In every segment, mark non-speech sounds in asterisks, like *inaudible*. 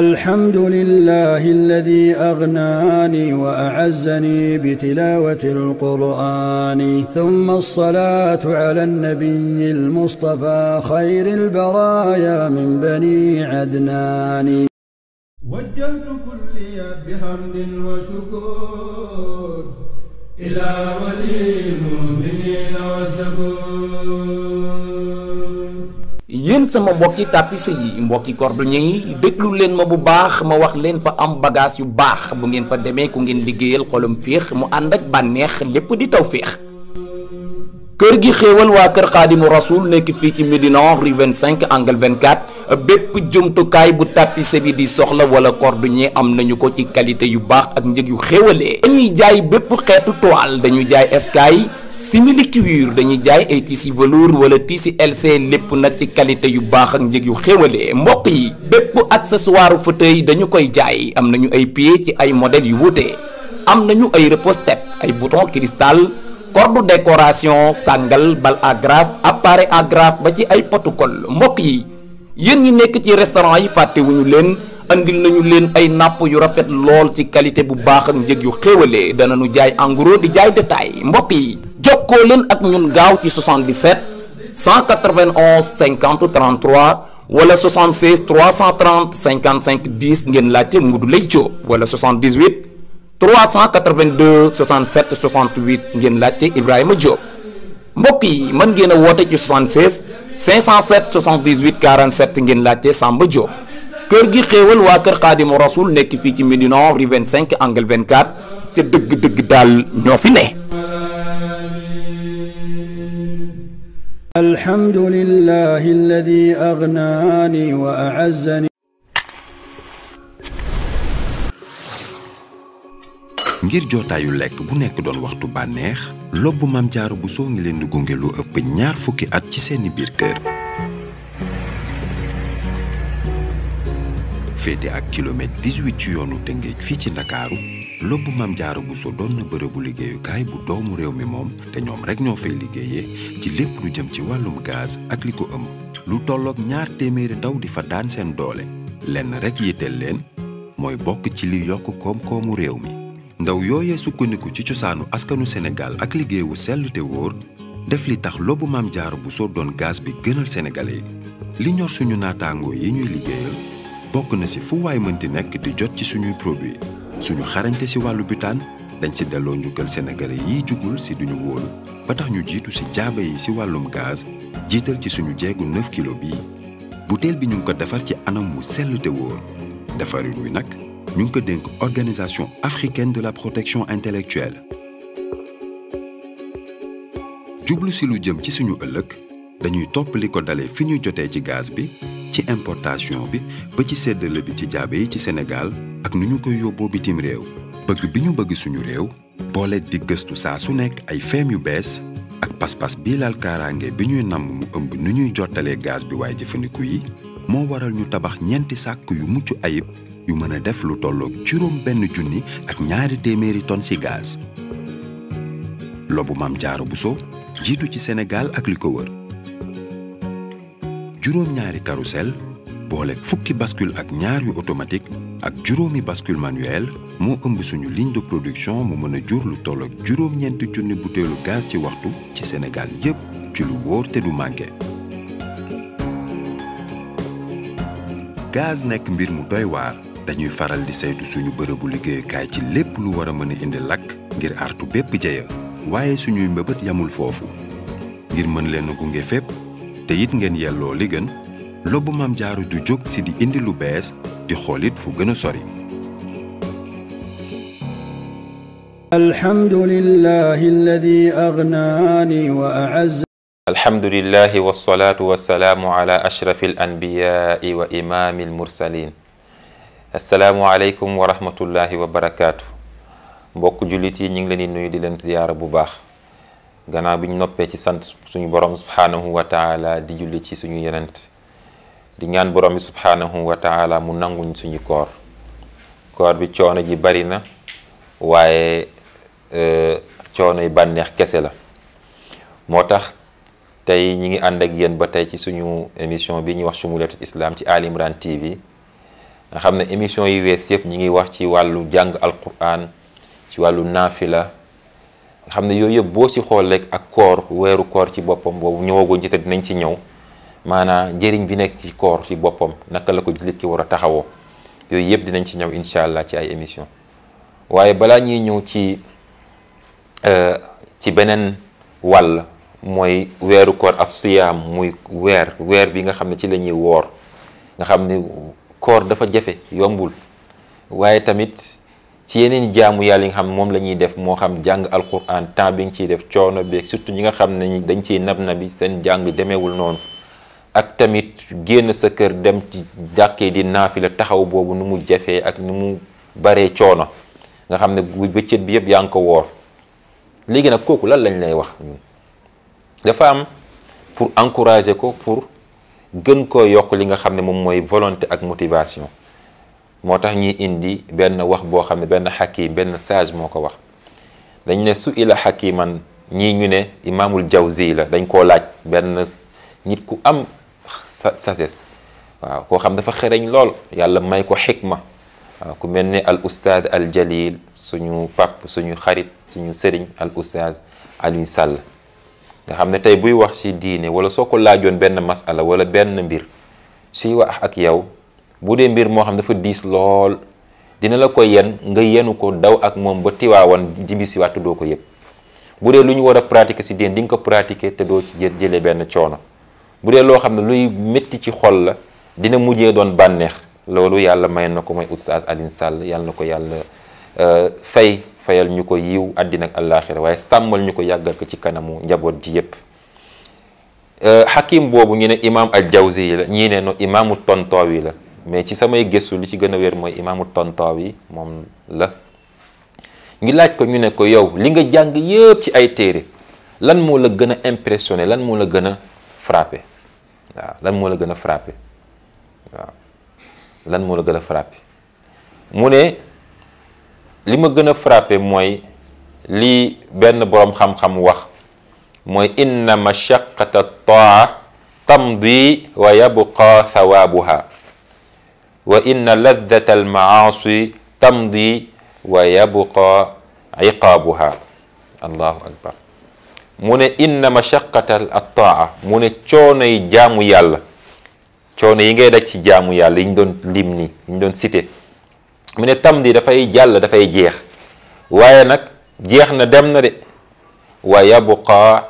الحمد لله الذي أغناني وأعزني بتلاوة القرآن ثم الصلاة على النبي المصطفى خير البرايا من بني عدنان وجهت كلي بحمد وشكر إلى ولي yéen sama mbokki tapis yi mbokki cordonnier yi déglu leen ma bu baax ma wax leen fa am bagage yu baax bu ngeen fa demee ku ngeen liggéeyal xolum feex mu ànd ak bànneex lépp di taw féex kër gi xéewal waa kër xaadimu rasul nekk fii ci Médina rue 25 angle 24 bépp jumtukaay bu tapissier bi di soxla wala cordonnier am nañu ko ci qualité yu baax ak njëg yu xéewalee dañuy jaay bépp xeetu toile dañuy jaay eskay simili cuir dañuy jaay ay tissu velours wala tissu LC lépp nag ci qualité yu baax ak njëg yu xéwalee mbokk yi bépp accessoire fauteuil dañu koy jaay am nañu ay pie ci ay modèles yu wuute am nañu ay repose-tête ay bouton cristal corde décoration sàngal bal agrafe appareil agrafe ba ci ay protocole mbokk yi yéen ñi nekk ci restaurant yi fàttewuñu leen andil nañu leen ay napp yu rafet lool ci qualité bu baax ak njëg yu xéwalee danañu jaay en gros di jaay détail yi jokkoo leen ak ñun gaaw ci 77 191 50 33 wala 76 330 55 10 ngeen laajte Modou Leye Diop wala 78 382 67 68 ngeen laajte Ibrahima Diop mbokk yi man ngeen a woote ci 76 507 78 47 ngeen laajte Samba Diop kër gi xéewal waa kër Xaadimu Rasul nekk fii ci Médina rue 25 angle 24 ca dëgg-dëgg daal ñoo fi ne. الحمد لله الذي أغناني وأعزني ngir jotaayu lekk bu nekk doon waxtu bànneex lobbu Mame bu Bousso ngi leen di gunge lu ëpp ñaar fukki at ci seeni biir kër féete ak kilomètre ci yoonu Tëngéej fii ci Ndakaaru lobbu maam jaaro buso doon na bërëbu liggéeyukaay bu doomu réew mi moom te ñoom rek ñoo fay liggéeyee ci lépp lu jëm ci wàllum gaz ak li ko ëmb lu tollook ñaar téeméeri ndaw di fa daan seen doole lenn rek yitteel leen mooy bokk ci li yokk koom-koomu réew mi ndaw yooyee sukkandiku ci cosaanu askanu Sénégal ak liggéeyu sell te wóor def li tax lobbu maam jaaro buso doon gaz bi gënal sénégalais li ñor suñu naataangoo yi ñuy liggéeyal bokk na ci fu waay mënti nekk di jot ci suñuy produit suñu xarañte si wàllu butaan dañ si delloo njukkal sénégalais yiy jugul si duñu wóolu ba tax ñu jiitu si jaaba yi si wàllum gaz jiital ci suñu jeegu 9 kilo bii butéel bi ñu ngi ko defar ci anam wu sell te wóor defarin wi nag ñu ngi ko dénk organisation africaine de la protection intellectuelle jublu si lu jëm ci suñu ëllëg dañuy topp li ko dalee fi ñuy jotee ci gaz bi ci importation bi ba ci séddale bi ci jaabe yi ci Sénégal ak nu ñu koy yóbboo bitim réew bëgg bi ñu bëgg suñu réew boole di gëstu saa su nekk ay feem yu bees ak pas-pas bii laal kaaraange bi ñuy namm mu ëmb nu ñuy jottalee gaz bi waaye jëfandiku yi moo waral ñu tabax ñeenti sàkk yu mucc ayib yu mën a def lu tollook juróom benn junni ak ñaari téeméeri ton ci gaz lobu mam jaaro bu Buso jiitu ci Sénégal ak li ko wër juróom-ñaari carrousel boole fukki baskul ak ñaar yu automatique ak juróomi bascule manuel moo ëmb suñu ligne de production mu mën a jur lu toll ak juróom-ñeenti junni butéelu gaz ci waxtu ci senegal yépp ci lu wóor te du manqué. gaz nekk mbir mu doy waar dañuy faral di saytu suñu bërëbu liggéeyukaay ci lépp lu war a mën a indi lakk ngir artu bépp jeya waaye suñuy mbëbët yamul foofu ngir mën leen a gunge fépp. te it ngeen yelloo li gën lobbu maam jaaru du jóg si di indi lu bees di xoolit fu gën a sori. alhamdulillahi alladi agnaani wa aazz alhamdulillahi wasalaatu wasalaamu ala ashrafi al anbiyaai wa imaami al mursalin asalaamualeykum wa rahmatullahi wa barakaatu mbokk jullit yi ñu ngi leen di nuyu di leen ziyaara bu baax gannaaw bi ñu noppee ci sant suñu borom subhaanahu wa taala di julli ci suñu yenent di ñaan borom bi subhaanahu wa taala mu nanguñ suñu koor koor bi coono ji bari na waaye e, coono yi bànneex kese la moo tax tey ñi ngi ànd ak yéen ba tey ci suñu émission bi ñuy wax Chumuliyatul Islam ci Ali Imran TV nga xam ne émission yi wees yëpp ñi ngi wax ci wàllu jàng alquran ci wàllu naafila nga xam ne yooyu yëpp boo si xool rek ak koor weeru koor ci boppam boobu ñëwaguñ ci te dinañ ci ñëw maanaam njëriñ bi nekk ci koor ci boppam naka la ko jullit ki war a taxawoo yooyu yëpp dinañ ci ñëw incha allah ci ay émission waaye balaa ñuy ñëw ci euh, ci beneen wàll mooy weeru koor as-siyaam muy weer weer bi nga xam ne ci lañuy woor nga xam ne koor dafa jafe yombul waaye tamit ci yeneen jaamu yàlla yi nga xam ne moom la ñuy def moo xam jàng alquran temps bi nga ciy def coono beeg surtout ñi nga xam ne dañ ciy nab na bi seen jàng demeewul noonu ak tamit génn sa kër dem ci jàkkee di naafila taxaw boobu nu mu jafee ak nu mu baree coono nga xam ne bëccët bi yëpp yaa ngi ko woor léegi nag kooku lan lañ lay wax dafa am pour encourager ko pour gën koo yokk li nga xam ne moom mooy volonté ak motivation moo tax ñuy indi benn wax boo xam ne benn xakim benn sage moo ko wax dañ ne su ila xakiman ñii ñu ne imaamul jawzi la dañ koo laaj benn nit ku am sa sagesse waaw koo xam dafa xereñ lool yàlla may ko xikma waaw ku mel ni al ustaad al jalil suñu pap suñu xarit suñu sëriñ al ustaad Alioune Sall nga xam ne tey buy wax si diine wala soo ko laajoon benn masala wala benn mbir suy wax ak yow bu dee mbir moo xam ne dafa diis lool dina la ko yen nga yenu ko daw ak moom ba tiwaawan jimbi si te doo ko yëg bu dee lu ñu war a pratiquer si diin di ko pratiquer te doo ci jëlee benn coono bu dee loo xam ne luy métti ci xol la dina mujjee doon bànneex loolu yàlla may na ko mooy oustaz Alioune Sall yàlla na ko yàlla euh, fay feyal ñu ko yiw àddina ak àllaaxira waaye sàmmal ñu ko yàggal ko ci kanamu njaboot ji yépp xakim euh, boobu ñu ne imaam al jawzi yi la ñii ne no imaamu tontowi la mais ci samay gëstu li ci gën a wér mooy imaamu Tantawi moom la ngi laaj ko ñu ne ko yow li nga jàng yëpp ci ay téere lan moo la gën a impressionné lan moo la gën a frappé lan moo la gën a frappé lan moo la gën a frappé mu ne li ma gën a frappé mooy lii benn boroom xam-xam wax mooy inna mashaqqata taa tamdi wa yabqa thawaabuha wa inna laddata almaasi tamdi wa yabqa iqaabuha allahu akbar mu ne inna mashaqata attaa mu ne coono yi jaamu yàlla coono yi ngay daj ci jaamu yàlla yi ñu doon lim nii yi ñu doon cité mu ne tamdi dafay jàll dafay jeex waaye nag jeex na dem na de wa yabqa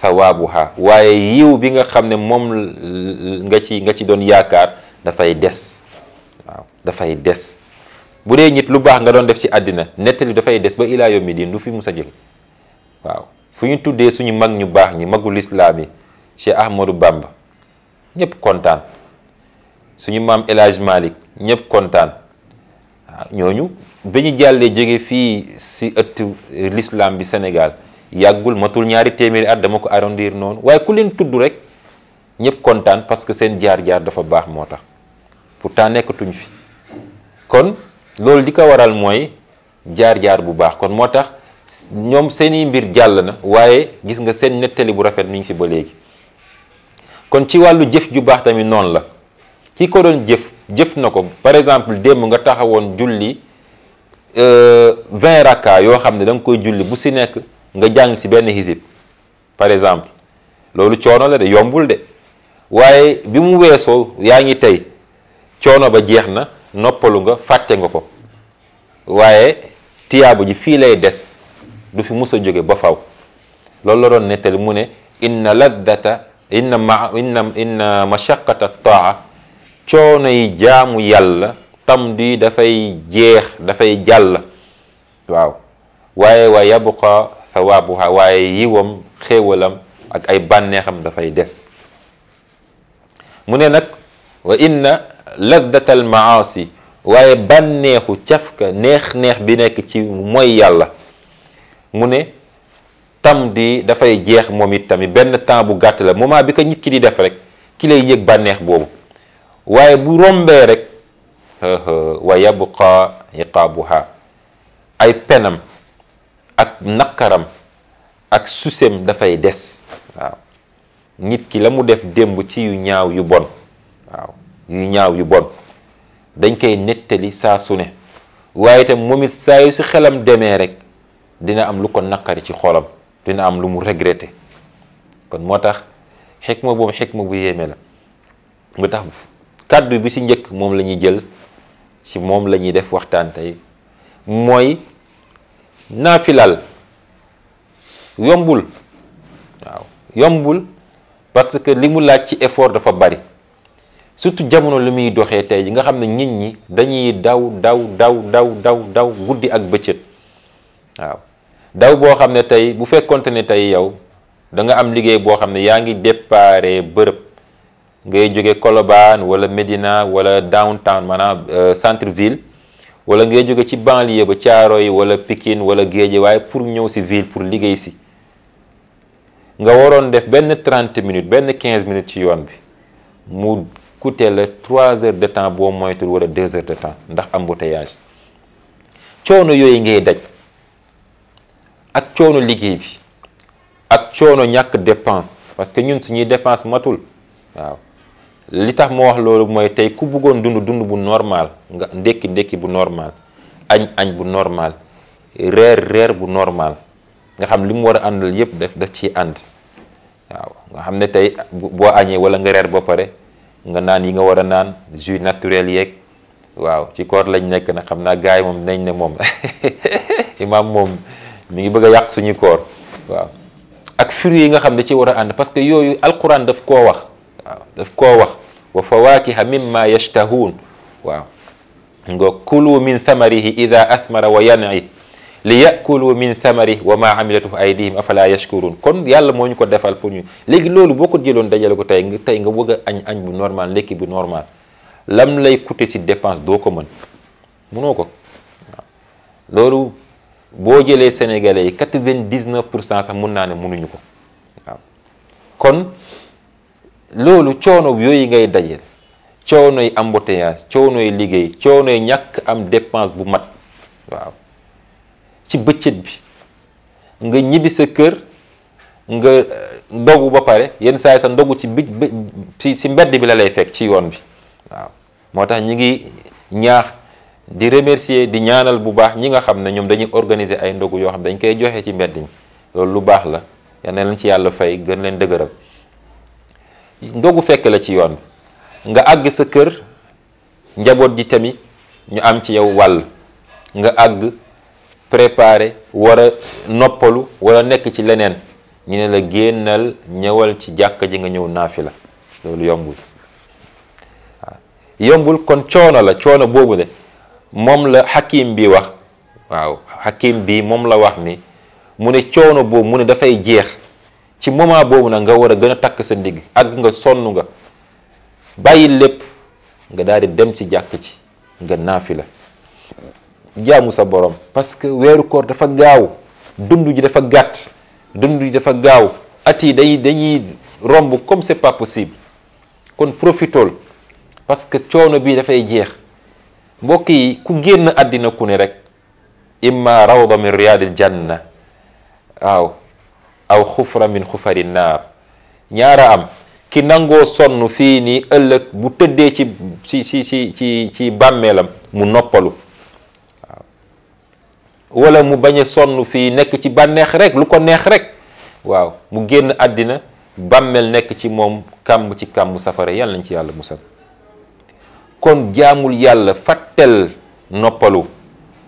thawaabuha waaye yiw bi nga xam ne moom nga ci nga ci doon yaakaar dafay des dafay des bu dee nit lu baax nga doon def ci àddina nettali dafay des ba ilaa yombi dindu du mu sa jël waaw fu ñu tuddee suñu mag ñu baax ñi magul islaam yi Cheikh Ahmadou bàmba ñëpp kontaan suñu maam El Hadj Malick ñëpp kontaan waaw ñooñu ba ñu jàllee jóge fii si ëtt l'islam bi Sénégal yàggul matul ñaari téeméeri at dama ko arrondir noonu waaye ku leen tudd rek ñëpp kontaan parce que seen jaar-jaar dafa baax moo tax pourtant nekkatuñ fi kon loolu li ko waral mooy jaar-jaar bu baax kon moo tax ñoom seeni mbir jàll na waaye gis nga seen nettali bu rafet mi ngi fi ba léegi kon ci wàllu jëf ju baax tamit noonu la ki ko doon jëf jëf na ko par exemple démb nga taxawoon julli 20 euh, rakka yoo xam ne da koy julli bu si nekk nga jàng si benn hisib par exemple loolu coono la de yombul de waaye bi mu weesoo yaa ngi tey coono ba jeex na noppalu nga fàtte nga ko waaye tiyaabu ji fii lay des du fi mus a jóge ba faw loolu la doon nettali mu ne inna laddata inna ma inna inna mashaqata taa coono yi jaamu yàlla tam di dafay jeex dafay jàll waaw waaye wa yabqa thawaabuha waaye yiwam xéewalam ak ay bànneexam dafay des mu ne nag wa inna laddata al waaye bànneexu cafka neex-neex bi nekk ci mooy yàlla mu ne tam di dafay jeex moom it tamit benn temps bu gàtt la moment bi ko nit ki di def rek ki lay yëg bànneex boobu waaye bu rombee rek wa yabqa iqaabuha ay penam ak naqaram ak susem dafay des waaw nit ki la mu def démb ci yu ñaaw yu bon yu ñaaw yu bon dañ koy nettali saa su ne waaye itam moom it saa yu si xelam demee rek dina am lu ko naqari ci xolam dina am lu mu regretté kon moo tax xikma boobu xikma bu yéeme la mu tax kàddu bi si njëkk moom lañuy jël si moom lañuy def waxtaan tey mooy naafilal yombul waaw yombul parce que li mu laaj ci effort dafa bari surtout jamono li muy doxee tey yi nga xam ne nit ñi dañuy daw daw daw daw daw daw guddi ak bëccëg waaw daw boo xam ne tey bu fekkonte ne tey yow da nga am liggéey boo xam ne yaa ngi déparé bërëb ngay jóge coloban wala Médina wala downtown maanaam euh, centre ville wala ngay jóge ci banlieue ba caaro Thiaroye wala Pikine wala waaye pour ñëw si ville pour liggéey si nga waroon def benn 30 minutes benn quinze minutes ci yoon bi coûté la trois heures de temps boo moytul wala deux heures de temps ndax embouteillage coono yooyu ngay daj ak coono liggéey bi ak coono ñàkk dépense parce que ñun suñuy dépense matul waaw li tax moo wax loolu mooy tey ku buggoon dund dund bu normal nga ndékki ndékki bu normal añ añ bu normal reer reer bu normal nga xam li mu war a àndal yépp daf daf ciy ànd waaw nga xam ne tey boo añee wala nga reer ba pare nga naan yi nga war a naan jus naturel yeeg waaw ci koor lañ nekk nag xam naa gars yi moom nañ ne moom *laughs* imaam moom mi ngi bëgg a yàq suñu koor ak fruits yi nga xam ne ci war a ànd parce que yooyu alquran daf koo wax waaw daf koo wax wa fawakiha mimma yashtahuun waaw nga kulu min thamarihi ida athmara wa yan'i li yakulu min thamari wa ma amilatuhu aydihim afala yashkurun kon yàlla moo ñu ko defal pour ñu léegi loolu boo ko jëloon dajale ko tey nga tey nga bëgg añ añ bu normal lekki bu normal lam lay coûter si dépense doo ko mën mënoo ko loolu boo jëlee sénégalais yi quatre-vingt-dix-neuf pour cent sax mun naa ne mënuñu ko kon loolu coono yooyu ngay dajale coono yi embouteillage coono yi liggéey coono yi ñàkk am dépense bu mat waaw ci bëccët bi nga ñibbi sa kër nga euh, dogu ba pare yenn saa sa ndogu ci bi ci si mbedd bi la lay fekk ci yoon bi waaw moo tax ñi ngi ñaax di remercier di ñaanal bu baax ñi nga xam ne ñoom dañuy organiser ay ndogu yoo xam ne dañ koy joxe ci mbedd mi loolu lu baax la yal leen ci yàlla fay gën leen dëgëral ndogu fekk la ci yoon bi nga àgg sa kër njaboot ji tamit ñu am ci yow wàll nga àgg préparé war noppalu walla nekk ci leneen ñu ne la génnal ñëwal ci jàkka ji nga ñëw naafila loolu yombul waaw yombul kon coono la coono boobu de moom la xakim bi wax waaw xakim bi moom la wax ni mu ne coono boobu mu ne dafay jeex ci moment boobu nag nga war a gën a takk sa ndigg ak nga sonn nga bàyyi lépp nga daal di dem ci jàkk ci nga la jaamu sa borom parce que weeru koor dafa gaaw dund ji dafa gàtt dund ji dafa gaaw at yi day dañuy romb comme c'est pas possible kon profitool parce que coono bii dafay jeex mbokk yi ku génn àddina ku ne rek imma rawda min riyaadil janna waaw aw xufra min xufari naar ñaara am ki nangoo sonn fii nii ëllëg bu tëddee ci ci ci ci ci ci bàmmeelam mu noppalu wala mu bañ a sonn fii nekk ci bànneex rek lu ko neex rek waaw mu génn àddina bàmmeel nekk ci moom kàmb ci kàmb safara yàlla nañ ci yàlla musal kon jaamul yàlla fàttel noppalu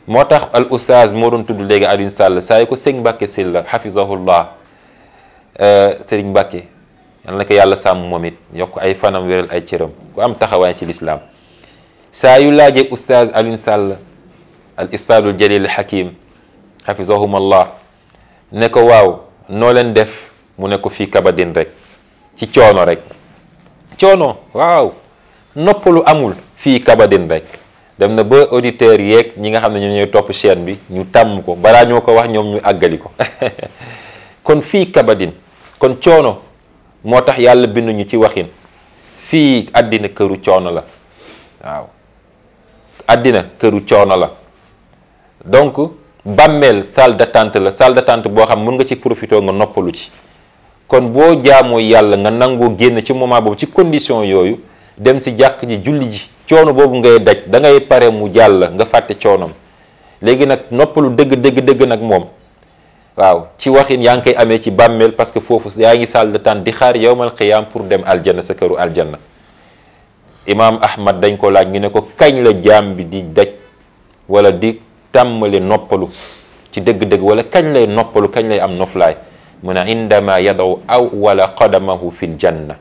moo tax al oustaz moo doon tudd léegi Alioune Sall saa yu ko sëñ Mbàkke Sylla xafizahullah euh, sëriñ Mbàkke yal na ko yàlla sàmm moom it yokk ay fanam wéral ay cëram ku am taxawaay ci lislaam saa yu laajee oustaz Alioune Sall al ustaadul jalil hakim xafisahum allah ne ko waaw noo leen def mu ne ko fii kabadin rek ci coono rek coono waaw noppalu amul fii kabadin rek dem na ba auditeurs yeeg ñi nga xam ne ñoom ñooy topp seen bi ñu tàmm ko balaa ñoo ko wax ñoom ñu àggali ko *laughs* kon fii kabadin kon coono moo tax yàlla binduñu ci waxin fii àddina këru coono la waaw àddina këru coono la donc bàmmeel salle d'attente la salle boo xam mën nga ci profité nga noppalu ci kon boo jaamoo yàlla nga nangoo génn ci moment boobu ci condition yooyu dem si jàkk ji julli ji coono boobu ngay daj da ngay pare mu jàll la nga fàtte coonom léegi nag noppalu dëgg dëgg dëgg nag moom waaw ci waxin yaa ngi koy amee ci bàmmeel parce que foofu yaa ngi salle d'attente di xaar yowmal qiyaam pour dem aljanna sa këru aljanna imaam ahmad dañ ko laaj ñu ne ko kañ la jaam bi di daj wala di tàmmale noppalu ci dëgg-dëgg wala kañ lay noppalu kañ lay am noflaay mu ne indama yadaw aw wala qadamahu fil janna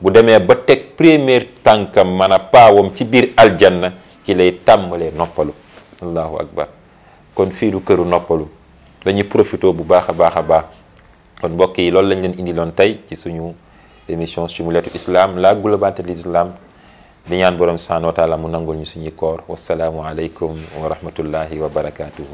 bu demee ba teg première tànkam man a paawam ci biir aljanna ci lay tàmmalee noppalu allahu akbar kon fiiru këru noppalu dañuy profité bu baax a baax a baax kon mbokk yi loolu lañ leen indiloon tey ci suñu émission simulatu islam la globalité de l'islam di ñaan borom subhanahu wa taala mu nangul ñu suñuy koor wasalaamu aleykum wa rahmatullahi wa barakaatu.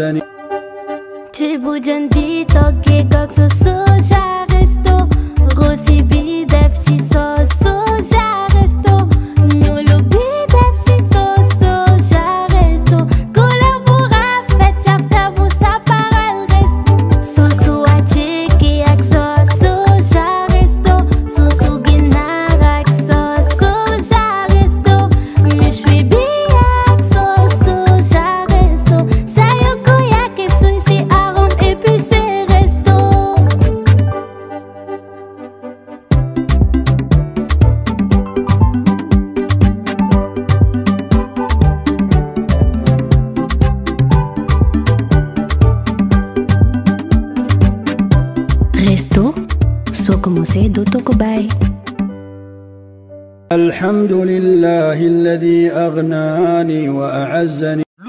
الله الذي أغناني وأعزني